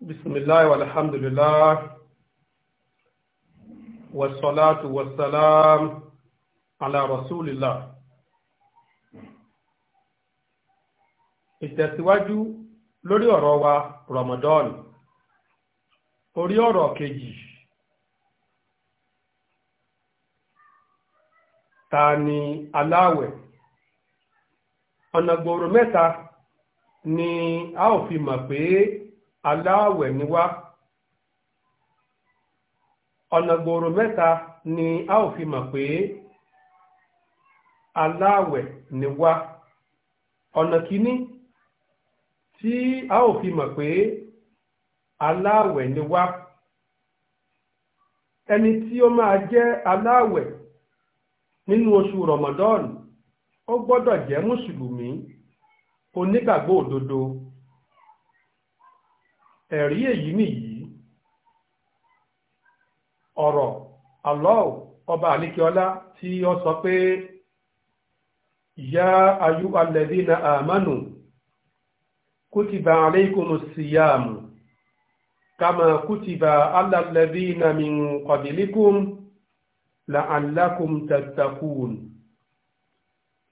بسم الله والحمد لله والصلاة والسلام على رسول الله ìtẹ̀síwájú lórí ọ̀rọ̀ wa Ramadan orí ọ̀rọ̀ kejì ta ni aláwẹ̀ ọ̀nà gbòòrò mẹ́ta ni a ò fi mọ̀ pé aláàwẹ̀ ni wá ọ̀nà gbòòrò mẹ́ta ni a ò fi mọ̀ pé aláàwẹ̀ ni wá ọ̀nà kìíní tí a ò fi mọ̀ pé aláàwẹ̀ ni wá ẹni tí ó máa jẹ́ aláàwẹ̀ nínú oṣù Ramadan ó gbọ́dọ̀ jẹ́ mùsùlùmí onígbàgbọ́ òdodo ẹ̀rí èyí nìyí ọ̀rọ̀ Allah ọba àníkíọ́lá tí ó sọ pé ya ayú alladhina amanu kutiba alaykumu siyamu kama kutiba ala alladhina min qablikum la'allakum tattaqun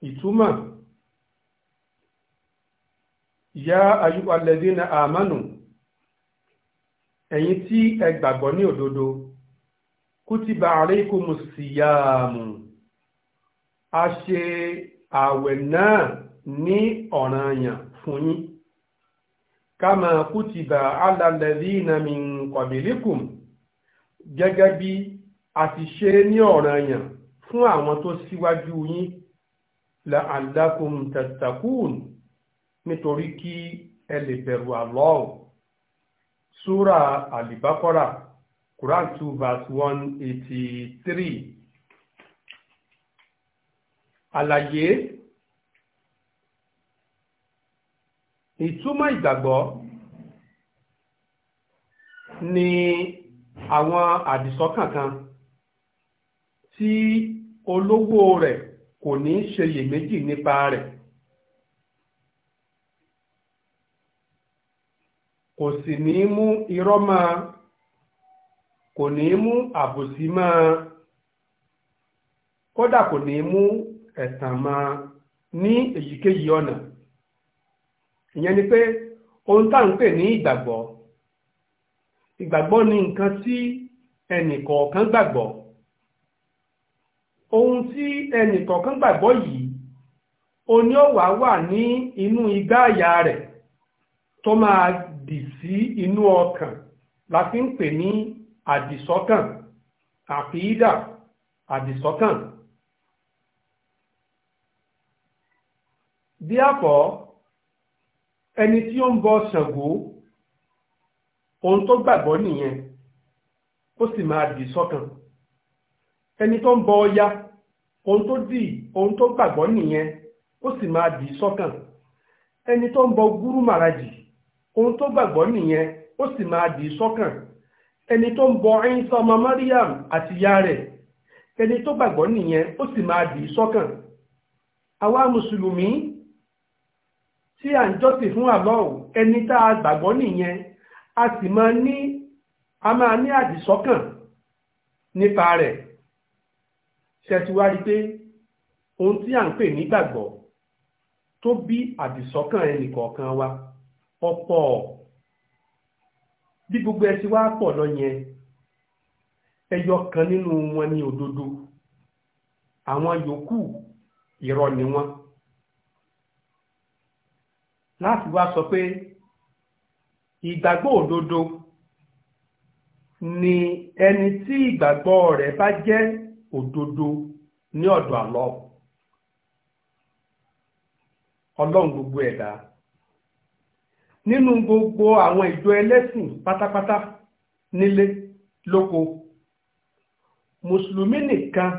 ìtumọ̀ ya ayú alladhina amanu ẹ̀yin tí ẹ gbàgbọ́ ní òdodo kútìbà àríkùmù síyàmù a ṣe ààwẹ̀ náà ní ọ̀ranyàn fún yín kama kútìbà alàlẹ́dínà min kọ̀bìlíkùm gẹ́gẹ́ bí a ti ṣe ní ọ̀ranyàn fún àwọn tó síwájú yín la'allakum tattaqun nítorí kí ẹ lè bẹ̀rù Allah Súra Al-Baqarah, Quran 2 verse 183. Àlàyé ìtumọ̀ ìgbàgbọ́ ni àwọn àdìsọ́kàn kan tí olówó rẹ̀ kò ní ṣeyèméjì nípa rẹ̀. kò sì ní mú irọ́ máa kò ní mú àbòsí máa kódà kò ní mú ẹ̀tàn máa ní èyíkéyìí ọ̀nà ìyẹn ni pé ohun tá à ń pè ní ìgbàgbọ́ ìgbàgbọ́ ni nǹkan tí ẹnìkọ̀ọ̀kan gbàgbọ́ ohun tí ẹnìkọ̀ọ̀kan gbàgbọ́ yìí o ní ó wàá wà ní inú igbá àyà rẹ̀ tó máa dì sí inú ọkàn la fi ń pè ní àdìsọ́kàn àfíìdà àdìsọ́kàn. díàpọ̀ ẹni tí ó ń bọ Ṣàngó ohun tó gbàgbọ́ nìyẹn ó sì máa dì sọ́kàn ẹni tó ń bọ Ọya ohun tó dì ohun tó gbàgbọ́ nìyẹn ó sì máa dì sọ́kàn ẹni tó ń bọ Gúrú Màràjì ohun tó gbàgbọ́ nìyẹn ó sì máa dì í sọ́kàn ẹni tó ń bọ ẹyinsa ọmọ Mariam àti ìyá rẹ̀ ẹni tó gbàgbọ́ nìyẹn ó sì máa dì í sọ́kàn àwa mùsùlùmí tí à ń jọ́sìn fún Allah ẹni tá a gbàgbọ́ nìyẹn a sì máa ní a máa ní àdìsọ́kàn nípa rẹ̀ ṣẹ̀tìwárí pé ohun tí à ń pè nígbàgbọ́ tó bí àdìsọ́kàn ẹnìkọ̀ọ̀kan wa. ọ̀pọ̀ bí gbogbo ẹ ti wá pọ̀ lọ yẹn ẹyọ kan nínú wọn ní òdodo àwọn yòókù irọ́ ni wọn láti wá sọ pé ìgbàgbọ́ òdodo ni ẹni tí ìgbàgbọ́ rẹ̀ bá jẹ́ òdodo ní ọ̀dọ̀ àlọ́ ọlọ́run gbogbo ẹ̀dá. E nínú gbogbo àwọn ìjọ ẹlẹ́sìn pátápátá nílé lóko mùsùlùmí nìkan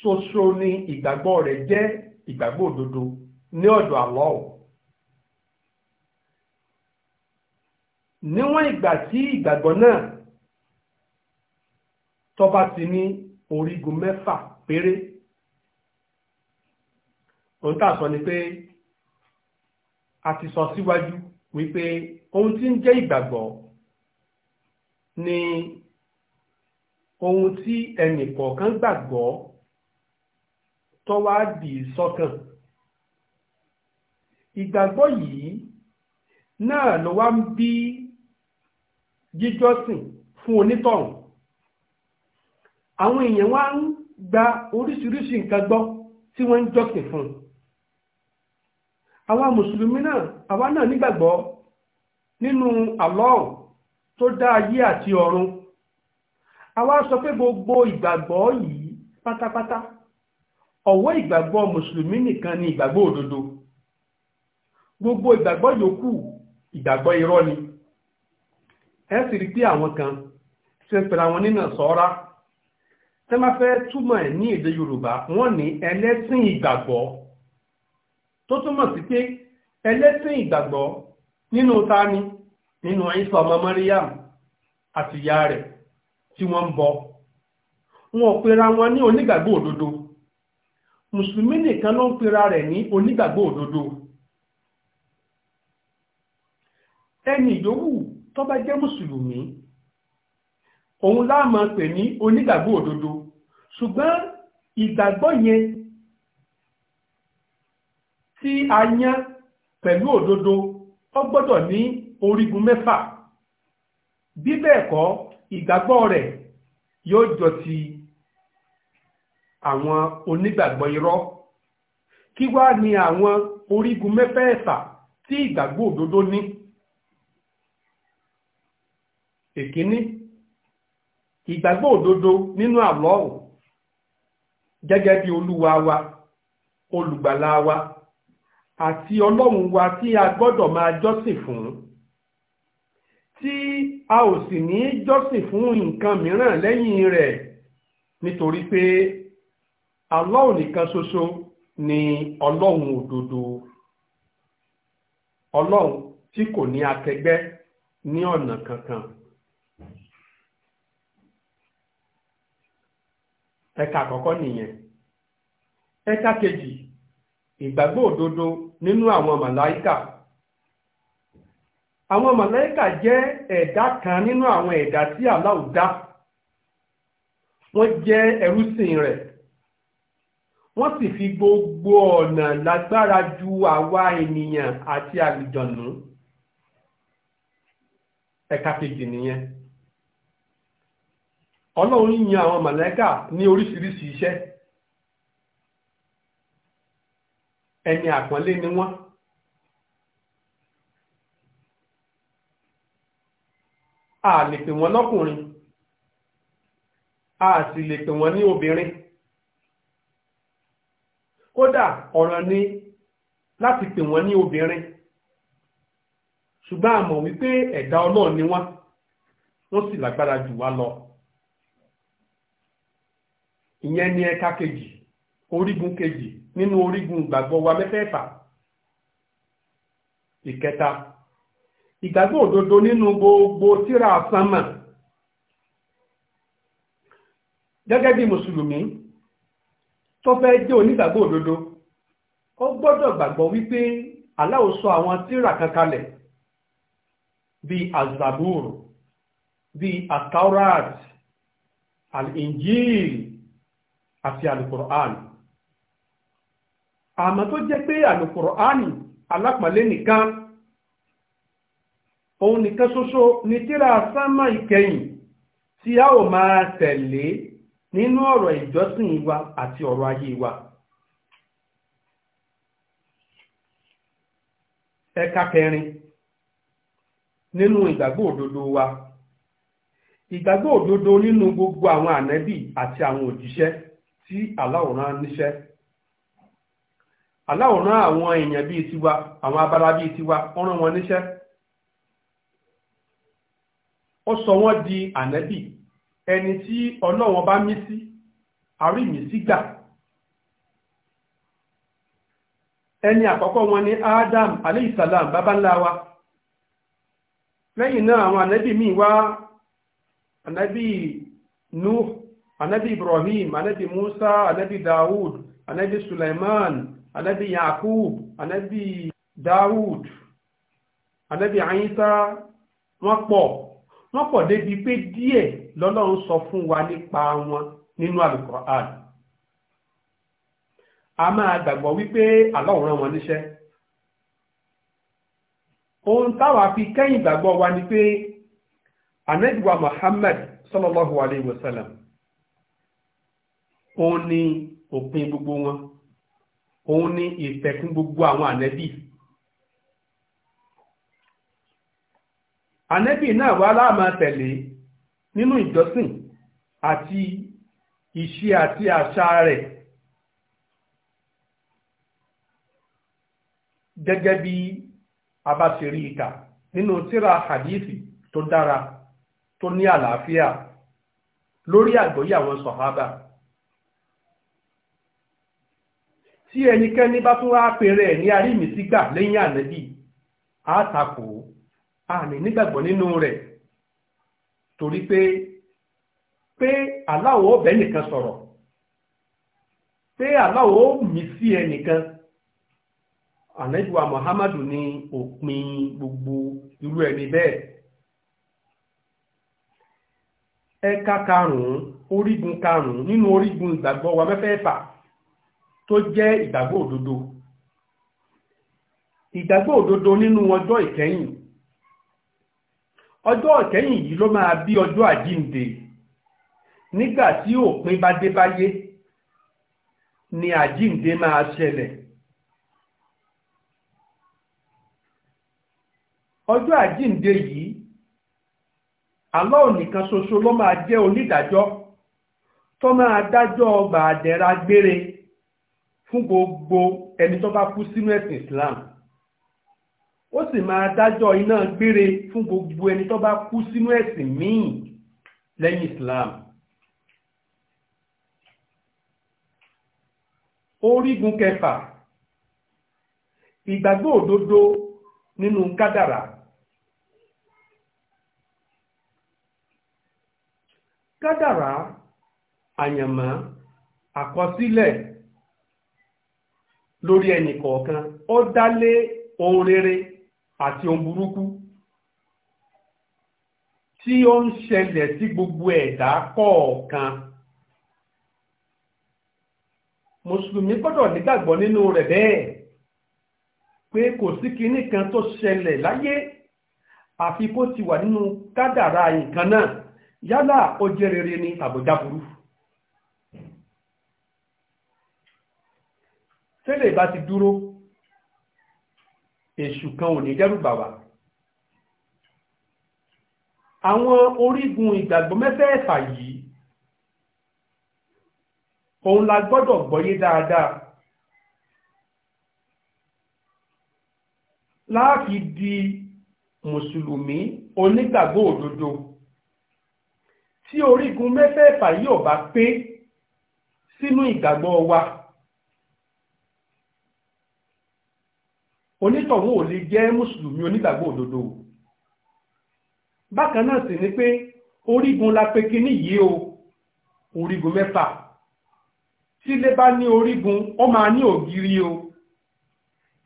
ṣoṣo ni ìgbàgbọ́ rẹ̀ jẹ́ ìgbàgbọ́ òdodo ní ọ̀dọ̀ Allah níwọ̀n ìgbà tí ìgbàgbọ́ náà tó bá ti ní orígun mẹ́fà péré òun tà sọ ni pé a ti sọ síwájú si wípé ohun tí ń jẹ́ ìgbàgbọ́ ni ohun tí ẹnì kọ̀ọ̀kan gbàgbọ́ tó wá di sọ́kàn ìgbàgbọ́ yìí náà ló wá ń bí jíjọ́sìn fún onítọ̀hún àwọn èèyàn wá ń gba oríṣiríṣi nǹkan gbọ́ tí wọ́n ń jọ́sìn fún un àwa mùsùlùmí náà àwa náà nígbàgbọ́ nínú Allah tó dá ayé àti ọ̀run àwa sọ pé gbogbo ìgbàgbọ́ yìí pátápátá ọ̀wọ́ ìgbàgbọ́ mùsùlùmí nìkan ni ìgbàgbọ́ òdodo gbogbo ìgbàgbọ́ yòókù ìgbàgbọ́ irọ́ ni ẹ sì rí pé àwọn kan ṣe ń pèrè àwọn nínà sọ́ra tẹ́ máa fẹ́ túmọ̀ ẹ̀ ní èdè Yorùbá wọ́n ní ẹlẹ́sìn ìgbàgbọ́ tó túmọ̀ sí pé ẹlẹ́sìn ìgbàgbọ́ nínú tani nínú Ìsá ọmọ Mariam àti ìyá rẹ̀ tí wọ́n ń bọ wọn ò pera wọn ní onígbàgbọ́ òdodo mùsùlùmí nìkan ló ń pera rẹ̀ ní onígbàgbọ́ òdodo ẹni yòówù tó bá jẹ́ mùsùlùmí òun la máa pè ní onígbàgbọ́ òdodo ṣùgbọ́n ìgbàgbọ́ yẹn tí a yán pẹ̀lú òdodo ó gbọ́dọ̀ ní orígun mẹ́fà bí bẹ́ẹ̀ kọ́ ìgbàgbọ́ rẹ̀ yóò jọ ti àwọn onígbàgbọ́ irọ́ kí wá ni àwọn orígun mẹ́fẹ̀ẹ̀fà tí ìgbàgbọ́ òdodo ní èkíní ìgbàgbọ́ òdodo nínú àlọ́ọ̀ gẹ́gẹ́ bí olúwa wa olùgbàlà wa àti ọlọ́run wa tí a gbọ́dọ̀ máa jọ́sìn fún tí a ò sì ní jọ́sìn fún nǹkan mìíràn lẹ́yìn rẹ̀ nítorí pé ọlọ́run nìkan ṣoṣo ni ọlọ́run òdodo ọlọ́run tí kò ní akẹgbẹ́ ní ọ̀nà kankan. ẹ̀ka àkọ́kọ́ nìyẹn ẹ̀ka kejì ìgbàgbọ́ òdodo nínú àwọn màláíkà àwọn màláíkà jẹ́ ẹ̀dá kan nínú àwọn ẹ̀dá tí Allah dá wọ́n jẹ́ ẹrúsìn rẹ̀ wọ́n sì fi gbogbo ọ̀nà lágbára ju àwa ènìyàn àti àlùjọ̀nù ẹ̀ka kejì nìyẹn ọlọ́run yìn àwọn màláíkà ní oríṣiríṣi iṣẹ́ ẹni àpọ́nlé ni wọ́n. a lè pè wọ́n lọ́kùnrin a sì lè pè wọ́n ní obìnrin kódà ọ̀ràn ni láti pè wọ́n ní obìnrin ṣùgbọ́n a wípé ẹ̀dá ọlọ́run ni wọ́n wọ́n sì lágbára jù wá lọ ìyẹn ni ẹ̀ka kejì orígun kejì nínú orígun ìgbàgbọ́ wa mẹ́fẹ̀ẹ̀fà ìkẹta ìgbàgbọ́ òdodo nínú gbogbo tírà sánmà gẹ́gẹ́ bí mùsùlùmí tó fẹ́ jẹ́ onígbàgbọ́ òdodo ó gbọ́dọ̀ gbàgbọ́ wípé Allah sọ àwọn tírà kan kalẹ̀ azabur bíi ataurat al-injil àti al-Qur'an àmọ́ tó jẹ́ pé àlùkùránì alápàlẹ́ nìkan òun nìkan ṣoṣo ni tírà sánmà ìkẹyìn tí a ò máa tẹ̀lé nínú ọ̀rọ̀ ìjọsìn wa àti ọ̀rọ̀ ayé wa ẹ̀ka kẹrin nínú ìgbàgbọ́ òdodo wa ìgbàgbọ́ òdodo nínú gbogbo àwọn ànẹ́bì àti àwọn òjíṣẹ́ tí Allah rán níṣẹ́ aláwòrán àwọn èèyàn bíi tiwa àwọn abara bíi tiwa wọ́n rán wọn níṣẹ́ ó sọ wọ́n di ànẹ́bì ẹni tí ọlọ́wọ́n bá mí sí àríyìnsí gbà ẹni àkọ́kọ́ wọn ni Adam aleyhisalam bàbá ńlá wa lẹ́yìn náà àwọn ànẹ́bì míì wá ànẹ́bì Nuh ànẹ́bì Ibrahim ànẹ́bì Musa ànẹ́bì Dawud ànẹ́bì Sulaiman anabi yakub anabi dawud anabi ayisa wọ́n pọ̀ wọ́n pọ̀ débi pé díẹ̀ lọ́lọ́run sọ fún wa nípa wọn nínú alukoran a máa gbàgbọ́ wípé Ọlọ́run wọn níṣẹ́ ohun táwa fi kẹ́yìn gbàgbọ́ wa ni pé anabiwa muhammad sallallahu alayhi wa sallam òun ni òpin gbogbo wọn. òun ni ìpẹ̀kún gbogbo àwọn ànẹ́bì ànẹ́bì náà wá láàmà tẹ̀lé nínú ìjọsìn àti ìṣe àti àṣà rẹ̀ gẹ́gẹ́ bí abáṣerí ìta nínú tíra hadithi tó dára tó ní àlàáfíà lórí àgbọ́yé àwọn sọ̀hábà tí ẹnikẹ́ni bá tún wá pèrè ẹ̀ ní gbà lẹ́yìn ànẹ́bí àtàkù àní nígbàgbọ́ nínú rẹ̀ torí pé pé aláwọ̀ ọ̀bẹ nìkan sọ̀rọ̀ pé aláwọ̀ mí sí ẹnìkan ànẹ́bíwá Muhammadu ní òpin gbogbo irú ẹni bẹ́ẹ̀ Ẹka karùn-ún orígun karùn-ún nínú orígun ìgbàgbọ́ wa mẹ́fẹ̀ẹ̀fà tó jẹ́ ìgbàgbọ́ òdodo ìgbàgbọ́ òdodo nínú ọjọ́ ìkẹyìn ọjọ́ ìkẹyìn yìí ló máa bí ọjọ́ àjíǹde nígbà tí òpin bá dé báyé ni àjíǹde máa ṣẹlẹ̀ ọjọ́ àjíǹde yìí àlọ́ nìkan ṣoṣo ló máa jẹ́ onídàájọ́ tó máa dájọ́ fún gbogbo ẹni tó bá kú sínú ẹ̀sìn Islam ó sì máa dájọ́ iná gbére fún gbogbo ẹni tó bá kú sínú ẹ̀sìn míì lẹ́yìn Islam orígun kẹfà ìgbàgbọ́ òdodo nínú kádàrá kádàrá àyànmọ́ àkọsílẹ̀ lórí ẹnì kọ̀ọ̀kan ó dálé ohun rere àti ohun burúkú tí ó ń ṣẹlẹ̀ sí gbogbo ẹ̀dá kọ̀ọ̀kan mùsùlùmí gbọ́dọ̀ nígbàgbọ́ nínú rẹ̀ bẹ́ẹ̀ pé kò sí kinní kan tó ṣẹlẹ̀ láyé àfi kó ti wà nínú kádàrá nǹkan náà yálà ó jẹ́ rere ni àbójá burú tẹ́lẹ̀ ìbá ti dúró èṣù kan ò ní dẹ́rùbà wá àwọn orígun ìgbàgbọ́ mẹ́fẹ̀ẹ̀fà yìí òun la gbọ́dọ̀ gbọ́yé dáadáa láàfi di mùsùlùmí onígbàgbọ́ òdodo tí orígun mẹ́fẹ̀ẹ̀fà yìí ò bá pé sínú ìgbàgbọ́ wa. onítọ̀hún ò lè jẹ́ mùsùlùmí onígbàgbọ́ òdodo bákan náà sì ni pé orígun la pé kíní yìí o orígun mẹ́fà tílé bá ní orígun ó máa ní ògiri o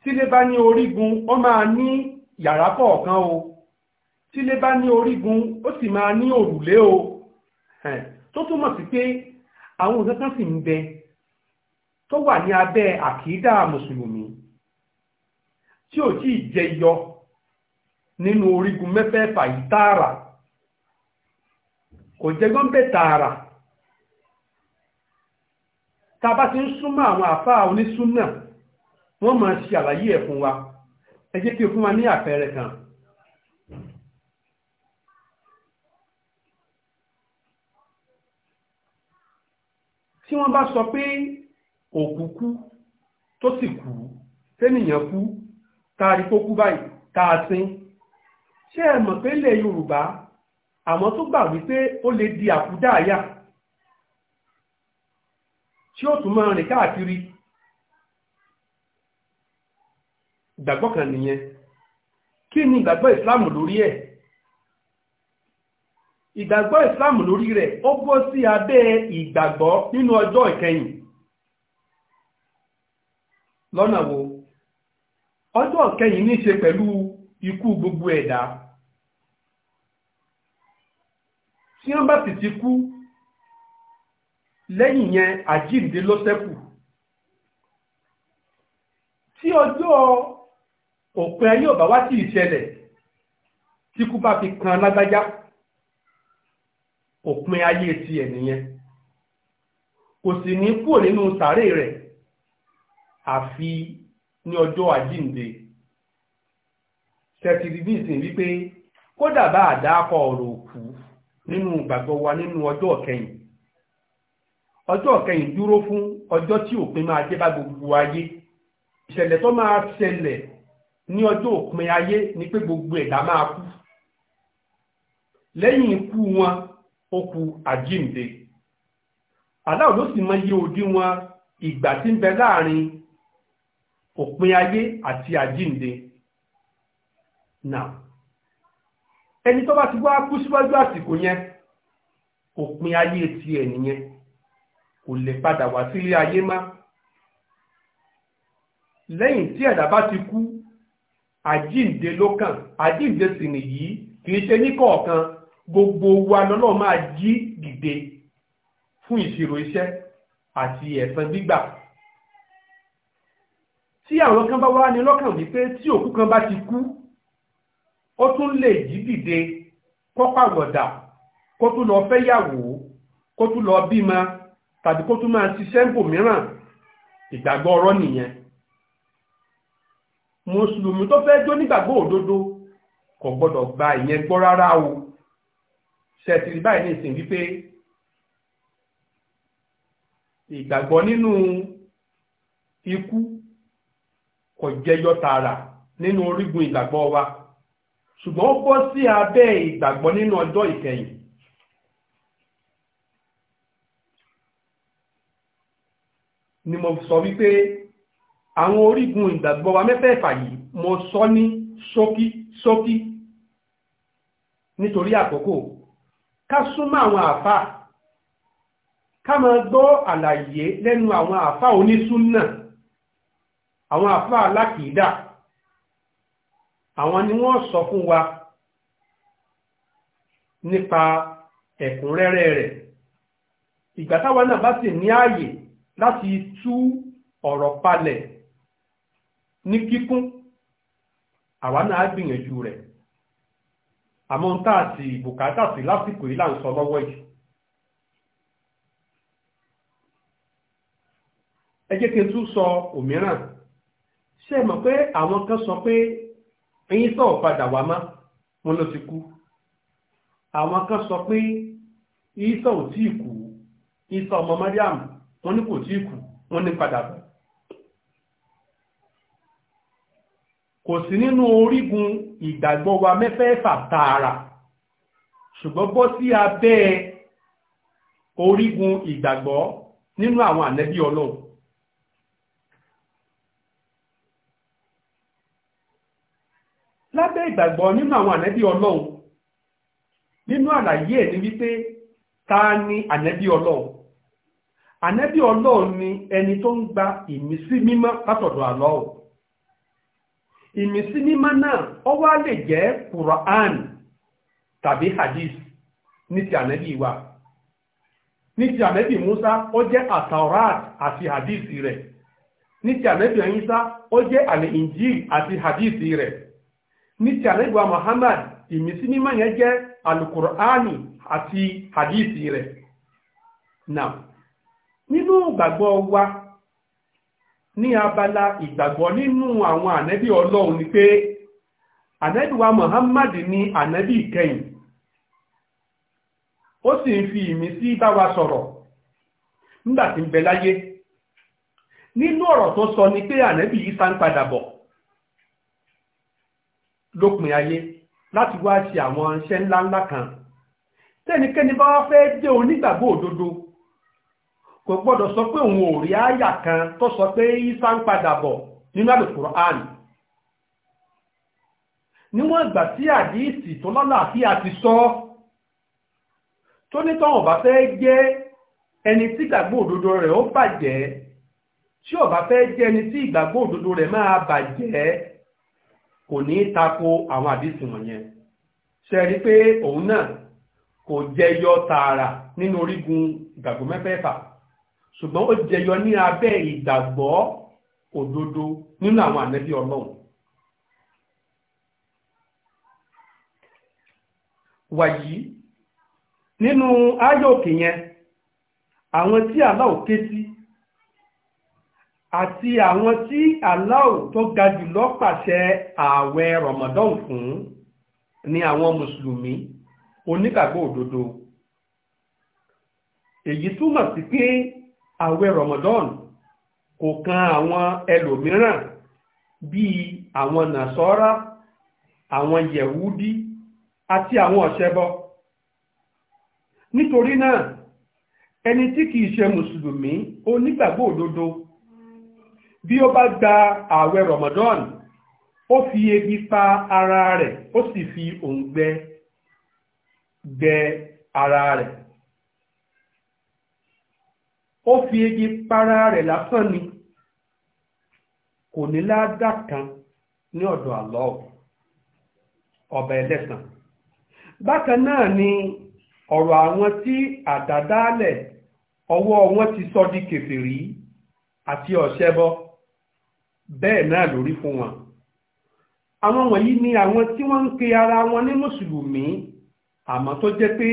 tílé bá ní orígun ó máa ní yàrá kọ̀ọ̀kan o tílé bá ní orígun ó sì máa ní òrùlé o tó túmọ̀ sí pé àwọn òṣèkán sì ń bẹ tó wà ní abẹ́ àkídà mùsùlùmí tí ò tí ì jẹyọ nínú orígun mẹ́fẹ̀ẹ̀fà yìí tààrà kò jẹgbọ́n bẹ́ tààrà tá bá ti ń súnmọ́ àwọn àfáà onísúnnà wọ́n máa ṣe àlàyé ẹ̀ fún wa ẹ jẹ́ kí o fún wa ní àpẹẹrẹ kan tí wọ́n bá sọ pé òkú kú tó sì kú tẹ́nìyàn kú táàrí tó kú báyìí tààsín ṣé ẹ mọ̀ pé ilẹ̀ yorùbá àwọn tó gbà wípé ó lè di àkúdàáyà tí ó tún máa rìn káàkiri ìgbàgbọ́ kan nìyẹn kí ni ìgbàgbọ́ ìsìláàmù lórí ẹ̀ ìgbàgbọ́ ìsìláàmù lórí rẹ̀ ó bọ́ sí abẹ́ ìgbàgbọ́ nínú ọjọ́ ìkẹyìn lọ́nà wo ọjọ́ kẹyìn ní ṣe pẹ̀lú ikú gbogbo ẹ̀dá tí wọ́n bá sì ti kú lẹ́yìn yẹn àjíǹde ló ṣẹ́kù tí ọjọ́ òpin ayé ọ̀bá wá sí ìṣẹ̀lẹ̀ tí kú bá fi kan lágbájá òpin ayé tiẹ̀ nìyẹn kò sì ní kúrò nínú sàárè rẹ̀ àfi ní ọjọ́ àjíǹde sẹ́tìrì bí ìsìn wípé kódà bá àdáàkọ ọ̀rọ̀ òkú nínú gbàgbọ́ wa nínú ọjọ́ kẹyìn ọjọ́ kẹyìn dúró fún ọjọ́ tí òpin máa dé bá gbogbo ayé ìṣẹ̀lẹ̀ tó máa ṣẹlẹ̀ ní ọjọ́ òpin ayé ni pé gbogbo ẹ̀dá máa kú lẹ́yìn ikú wọn ó kù àjíǹde aláwọ̀ ló sì mọ iye òdiwọ̀n ìgbà tí ń bẹ láàrin òpin ayé àti àjínde náà ẹni tó bá ti wá kú síwájú àsìkò yẹn òpin ayé ti ẹ̀ nìyẹn kò lè padà wá sílé ayé má lẹ́yìn tí ẹ̀dá bá ti kú àjínde ló àjínde sì nìyí kìí ṣe ní kọ̀ọ̀kan gbogbo wa lọ́nà máa jí dìde fún ìṣirò iṣẹ́ àti ẹ̀san gbígbà tí àwọn kan bá wá ní lọ́kàn wípé tí òkú kan bá ti kú ó tún lè jí dìde kó pàwọ̀dà kó tún lọ fẹ́yàwó kó tún lọ bímọ tàbí kó tún máa ṣiṣẹ́ bòmíràn ìgbàgbọ́ ọ̀rọ̀ nìyẹn mùsùlùmí tó fẹ́ jó nígbàgbọ́ òdodo kò gbọ́dọ̀ gba ìyẹn gbọ́ rárá o ṣẹ̀tìrì báyìí ní ìsìn wípé ìgbàgbọ́ nínú ikú kò jẹyọ tààrà nínú orígun ìgbàgbọ́ wa ṣùgbọ́n ó bọ́ sí abẹ́ ìgbàgbọ́ nínú ọjọ́ ìkẹyìn ni mo sọ wípé àwọn orígun ìgbàgbọ́ wa mẹ́fẹ̀ẹ̀fà yìí mo sọ ní ṣókí ṣókí nítorí àkókò ká súnmọ́ àwọn àfáà ká máa gbọ́ àlàyé lẹ́nu àwọn àfáà onísúnnà àwọn àfáà alákìídà àwọn ni wọ́n sọ fún wa nípa ẹ̀kúnrẹ́rẹ́ rẹ̀ ìgbà táwa náà bá sì ní ààyè láti tú ọ̀rọ̀ palẹ̀ ní kíkún àwa náà gbìyànjú rẹ̀ àmọ́ ń tà bùkátà sí lásìkò yìí ń sọ lọ́wọ́ yìí ẹ kí n tún sọ òmíràn ṣe mọ̀ pé àwọn kan sọ pé ẹ̀yin sọ̀ padà wá má wọn ló ti kú àwọn kan sọ pé ìsọ̀ ò tí ì kú ìsọ̀ ọmọ Mariam wọn ní kò tí ì kú wọn ní padà bọ̀ kò sí nínú orígun ìgbàgbọ́ wa mẹ́fẹ̀ẹ̀fà tààrà ṣùgbọ́n bọ́ sí abẹ́ orígun ìgbàgbọ́ nínú àwọn ànẹ́bí Ọlọ́run lábẹ́ ìgbàgbọ́ nínú àwọn ànẹ́bí ọlọ́run nínú àlàyé ẹ̀ ni wípé ta ni ànẹ́bí ọlọ́run ànẹ́bí ọlọ́run ni ẹni tó ń gba ìmísí mímọ́ látọ̀dọ̀ àlọ́ọ̀ ìmísí mímọ́ náà ó wá lè jẹ́ Quran wa ní ti Musa ó jẹ́ àti hadith rẹ̀ ní ti ànẹ́bí ó jẹ́ injil àti ní ti àlẹ́gbà Muhammad ìmísí mímọ́ yẹn jẹ́ alukur'ani àti hadithi rẹ̀ now nínú ìgbàgbọ́ wa ní abala ìgbàgbọ́ nínú àwọn ànẹ́bí ọlọ́run ni pé ànẹ́bí wa Muhammad ni ànẹ́bí ìkẹyìn ó sì ń fi ìmísí bá wa sọ̀rọ̀ nígbà tí ń bẹ láyé nínú ọ̀rọ̀ tó sọ ni pé ànẹ́bí lópin ayé láti wá ṣe àwọn iṣẹ́ ńláńlá kan tẹ́nikẹ́ni bá wá fẹ́ jẹ́ onígbàgbọ́ òdodo kò gbọ́dọ̀ sọ pé òun ò rí àyà kan tó sọ pé isa ń padà bọ̀ nínú Al-Qur'an níwọ̀n ìgbà tí àdíìsì tó sọ tó nítọ́wọ̀n fẹ́ jẹ́ ẹni tí ìgbàgbọ́ òdodo rẹ̀ ó bàjẹ́ tí fẹ́ jẹ́ ẹni tí ìgbàgbọ́ òdodo rẹ̀ máa kò ní tako àwọn àdìsí wọ̀nyẹn ṣe rí pé òun náà kò jẹyọ tààrà nínú orígun ìgbàgbọ́ mẹ́fẹ̀ẹ̀fà ṣùgbọ́n ó jẹyọ ní abẹ́ ìgbàgbọ́ òdodo nínú àwọn ànẹ́bí ọlọ́run wàyí nínú áyòkè yẹn àwọn tí àlá ò ké sí àti àwọn tí Allah tó ga jùlọ pàṣẹ ààwẹ̀ Ramadan fún ni àwọn mùsùlùmí onígbàgbọ́ òdodo èyí túmọ̀ sí pé ààwẹ̀ Ramadan kò kan àwọn ẹlòmíràn bíi àwọn nàṣọ́rá àwọn yẹ̀wúdí àti àwọn ọ̀ṣẹ́bọ nítorí náà ẹni tí kìí ṣe mùsùlùmí onígbàgbọ́ òdodo bí ó bá gba ààwẹ̀ Ramadan ó fi ebi pa ara rẹ̀ ó sì fi òǹgbẹ gbẹ ara rẹ̀ ó fi ebi para rẹ̀ lásán ni kò ní ládà kan ní ọ̀dọ̀ Allah ọba ẹlẹ́sàn bákan náà ni ọ̀rọ̀ àwọn tí àdádálẹ̀ ọwọ́ wọn ti sọ di kèfèrí àti ọ̀ṣẹ́bọ bẹ́ẹ̀ náà lórí fún wọn àwọn wọ̀nyí ni àwọn tí wọ́n ń pe ara wọn ní mùsùlùmí àmọ́ tó jẹ́ pé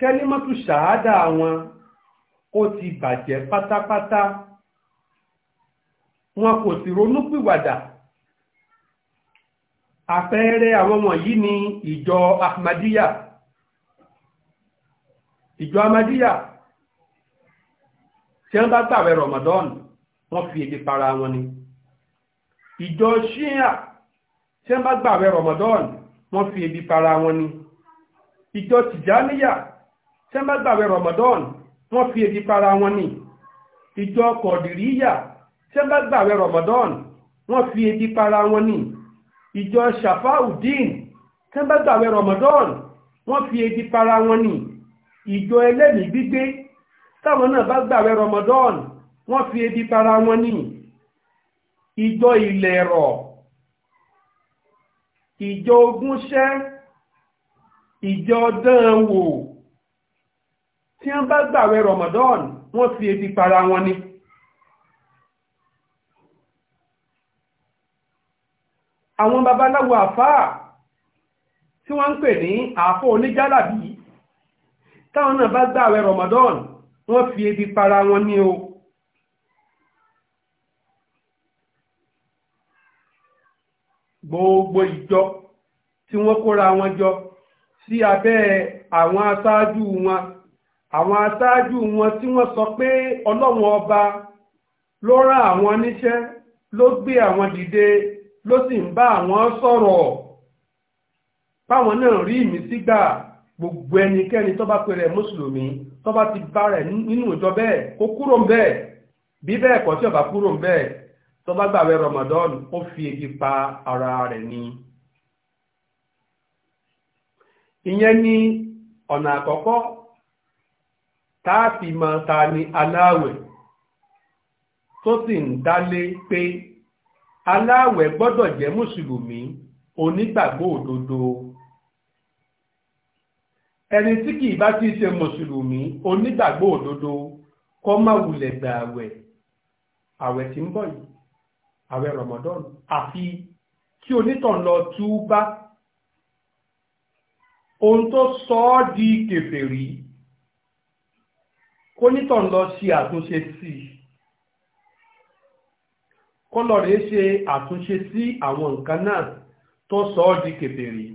kẹ́límọ́tù ṣàádà wọn ó ti bàjẹ́ pátápátá wọn kò sì ronúpìwàdà àpẹẹrẹ àwọn wọ̀nyí ni ìjọ ahmadiyya ìjọ ahmadiyya tí wọ́n bá gbàwẹ̀ ramadan wọ́n fi ebi para wọn ni ìjọ ṣíà tí wọ́n bá gbààwẹ̀ Ramadan wọ́n fi ebi para wọn ni ìjọ tìjáníyà tí wọ́n bá gbààwẹ̀ Ramadan wọ́n fi ebi para wọn ni ìjọ kọ̀dìríyà tí wọ́n bá gbààwẹ̀ Ramadan wọ́n fi ebi para wọn ni ìjọ ṣàfáùdín tí wọ́n bá gbààwẹ̀ Ramadan wọ́n fi ebi para wọn ni ìjọ ẹlẹ́mìí gbígbé táwọn náà bá gbààwẹ̀ Ramadan wọ́n fi ebi para wọn ní ìjọ ilẹ̀ rọ̀ ìjọ ogúnṣẹ́ ìjọ ọdán wò tí wọ́n bá gbàwẹ̀ Ramadan wọ́n fi ebi para wọn ní àwọn babaláwo àfáà tí wọ́n ń pè ní àfọ́ oníjálàbí táwọn náà bá gbàwẹ̀ Ramadan wọ́n fi ebi para wọn ní o gbogbo ìjọ tí wọ́n kóra wọn jọ sí abẹ́ àwọn aṣáájú wọn àwọn aṣáájú wọn tí wọ́n sọ pé ọlọ́run ọba ló rán àwọn níṣẹ́ ló gbé àwọn dìde ló sì ń bá àwọn sọ̀rọ̀ báwọn náà rí ìmísí gbà gbogbo ẹnikẹ́ni tó bá pe rẹ̀ mùsùlùmí tó bá ti bá rẹ̀ nínú ìjọ bẹ́ẹ̀ kó kúrò ń bẹ́ẹ̀ bí bẹ́ẹ̀ kọ́ tí ó kúrò ń bẹ́ẹ̀ tó bá gbàwẹ̀ Ramadan ó fi egi pa ara rẹ̀ ni ìyẹn ni ọ̀nà àkọ́kọ́ táàfì máa ta ni aláwẹ̀ tó sì ń dálé pé aláwẹ̀ gbọ́dọ̀ jẹ́ mùsùlùmí onígbàgbọ́ òdodo ẹni tí kìí bá ti ṣe mùsùlùmí onígbàgbọ́ òdodo kó má wulẹ̀ gbààwẹ̀ àwẹ̀ tí ń bọ̀ yìí àwẹ̀ Ramadan àfi kí onítàn lọ túbá ohun tó sọ ọ́ di kèfèrí kónítàn lọ ṣe àtúnṣe sí i kọlọ̀rẹ́ ṣe àtúnṣe sí àwọn nǹkan náà tó sọ ọ́ di kèfèrí